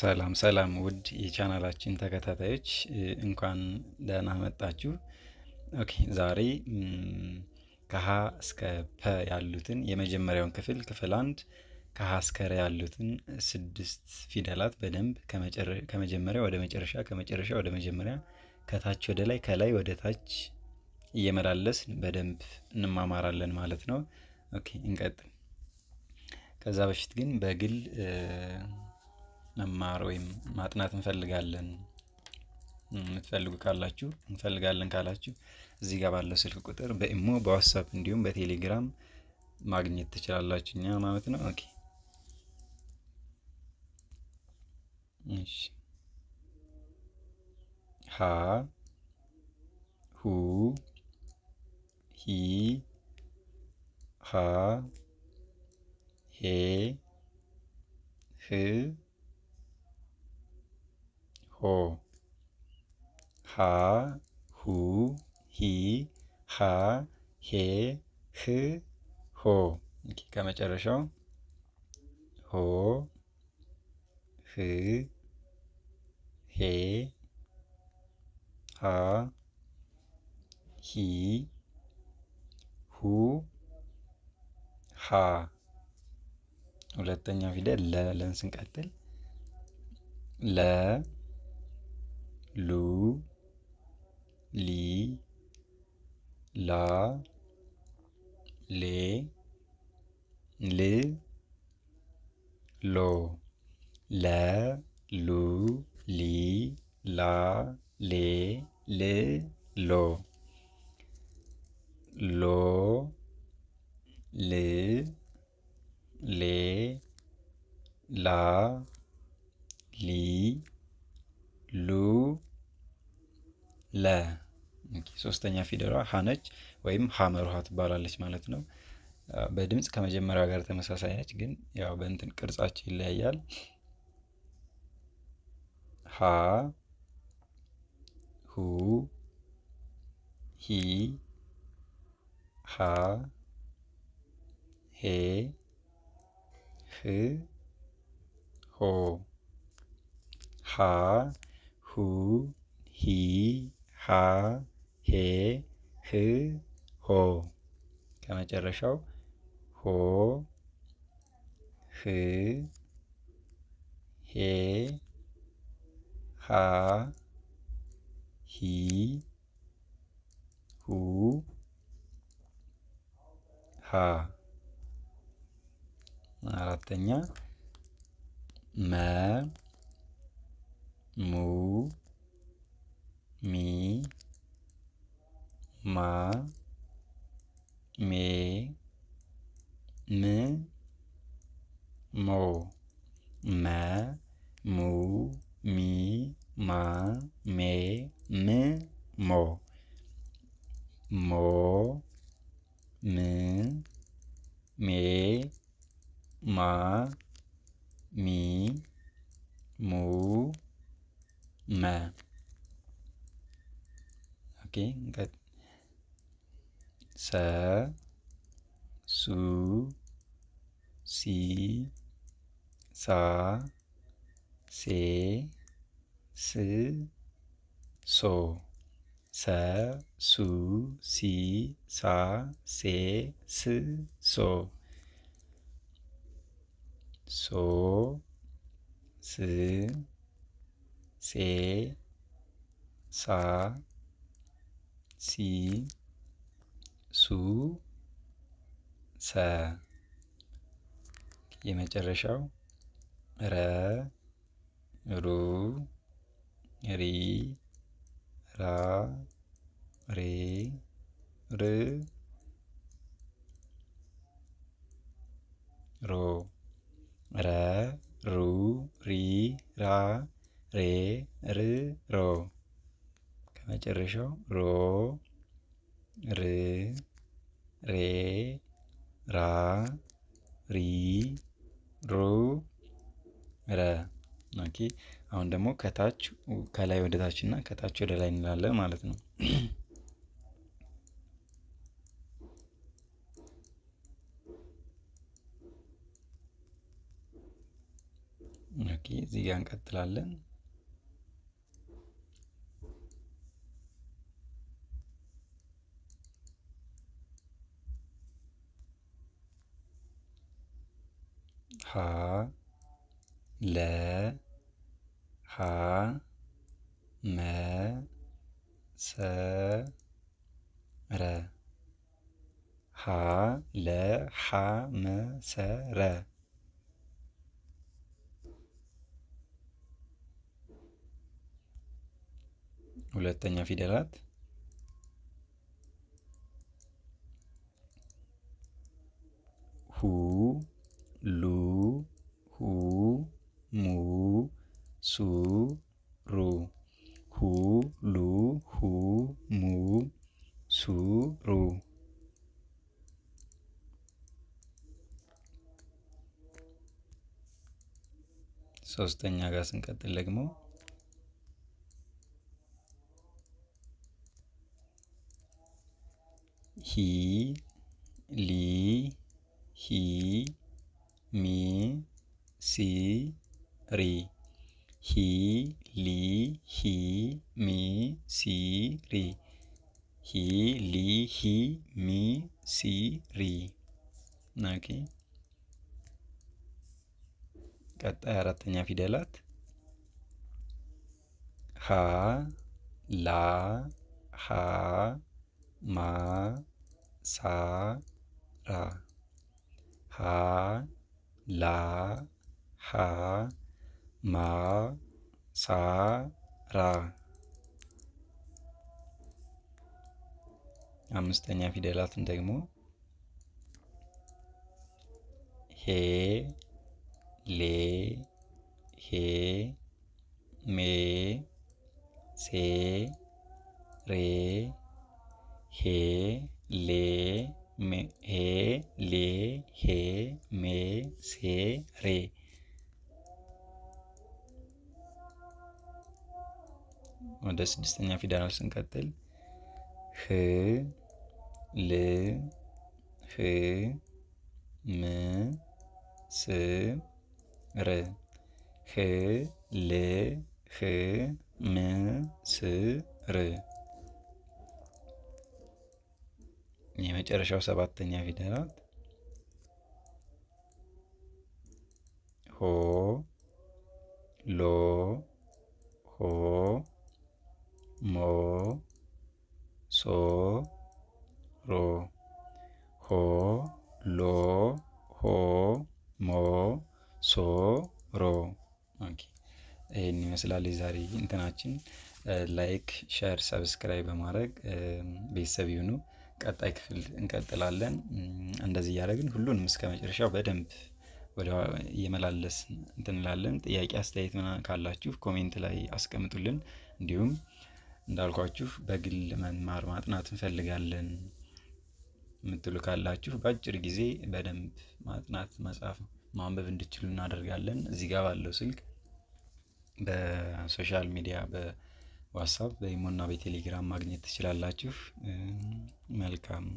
ሰላም ሰላም ውድ የቻናላችን ተከታታዮች እንኳን ደህና መጣችሁ። ኦኬ ዛሬ ከሀ እስከ ፐ ያሉትን የመጀመሪያውን ክፍል ክፍል አንድ ከሀ እስከ ረ ያሉትን ስድስት ፊደላት በደንብ ከመጀመሪያ ወደ መጨረሻ ከመጨረሻ ወደ መጀመሪያ ከታች ወደ ላይ ከላይ ወደ ታች እየመላለስን በደንብ እንማማራለን ማለት ነው። ኦኬ እንቀጥል። ከዛ በፊት ግን በግል መማር ወይም ማጥናት እንፈልጋለን የምትፈልጉ ካላችሁ እንፈልጋለን ካላችሁ እዚህ ጋር ባለው ስልክ ቁጥር በኢሞ በዋትሳፕ እንዲሁም በቴሌግራም ማግኘት ትችላላችሁ እኛ ማለት ነው። ኦኬ እሺ ሀ ሁ ሂ ሃ ሄ ህ ሆ ሀ ሁ ሂ ሃ ሄ ህ ሆ ከመጨረሻው ሆ ህ ሄ ሃ ሂ ሁ ሃ ሁለተኛው ፊደል ለ ለን ስንቀጥል ለ lu, li, la, les, les, lo, la, lu, li, la, les, les, lo, lo, les, les, la, li, lu, ለ ሶስተኛ ፊደሏ ሀ ነች ወይም ሀመር ውሃ ትባላለች ማለት ነው። በድምፅ ከመጀመሪያ ጋር ተመሳሳይ ነች፣ ግን ያው በእንትን ቅርጻቸው ይለያያል። ሀ ሁ ሂ ሀ ሄ ህ ሆ ሀ ሁ ሂ ሀ ሄ ህ ሆ ከመጨረሻው ሆ ህ ሄ ሃ ሂ ሁ ሃ አራተኛ መ ሙ ሚ ማ ሜ ም ሞ መ ሙ ሚ ማ ሜ ም ሞ ሞ ም ሜ ማ ሚ ሙ መ ኦኬ ሰ ሱ ሲ ሳ ሴ ስ ሶ ሰ ሱ ሲ ሳ ሴ ስ ሶ ሶ ስ ሴ ሳ ሲ ሱ ሰ የመጨረሻው ረ ሩ ሪ ራ ሬ ር ሮ ረ ሩ ሪ ራ ሬ ር ሮ መጨረሻው ሮ ር ሬ ራ ሪ ሩ ረ። ኦኬ አሁን ደግሞ ከታች ከላይ ወደ ታች እና ከታች ወደ ላይ እንላለን ማለት ነው። ኦኬ እዚህ ጋር እንቀጥላለን። ሀ ለ ሐ መ ሰ ረ ሀ ለ ሐ መ ሰ ረ ሁለተኛ ፊደላት ሁ ሉ ሁ ሙ ሱ ሩ ሁ ሉ ሁ ሙ ሱ ሩ ሶስተኛ ጋር ስንቀጥል ደግሞ ሂ ሊ ሂ mi si ri hi li hi mi si ri hi li hi mi si ri nah oke okay. kata eh, ratanya fidelat ha la ha ma sa ra ha ላ ሀ ማ ሳ ራ አምስተኛ ፊደላትን ደግሞ ሄ ሌ ሄ ሜ ሴ ሬ ሄ ሌ ሄ ሌ ሄ በስድስተኛ ፊደላት ስንቀጥል ህ ል ህ ም ስ ር ህ ል ህ ም ስ ር የመጨረሻው ሰባተኛ ፊደላት ሆ ሎ ሮ ይህን ይመስላል የዛሬ እንትናችን። ላይክ፣ ሸር፣ ሰብስክራይብ በማድረግ ቤተሰብ ይሁኑ። ቀጣይ ክፍል እንቀጥላለን። እንደዚህ እያደረግን ሁሉንም እስከ መጨረሻው በደንብ ወደ እየመላለስ እንትንላለን። ጥያቄ አስተያየት ካላችሁ ኮሜንት ላይ አስቀምጡልን። እንዲሁም እንዳልኳችሁ በግል መማር ማጥናት እንፈልጋለን የምትሉ ካላችሁ በአጭር ጊዜ በደንብ ማጥናት መጻፍ ነው ማንበብ እንድችሉ እናደርጋለን። እዚህ ጋር ባለው ስልክ በሶሻል ሚዲያ በዋትሳፕ በኢሞና በቴሌግራም ማግኘት ትችላላችሁ። መልካም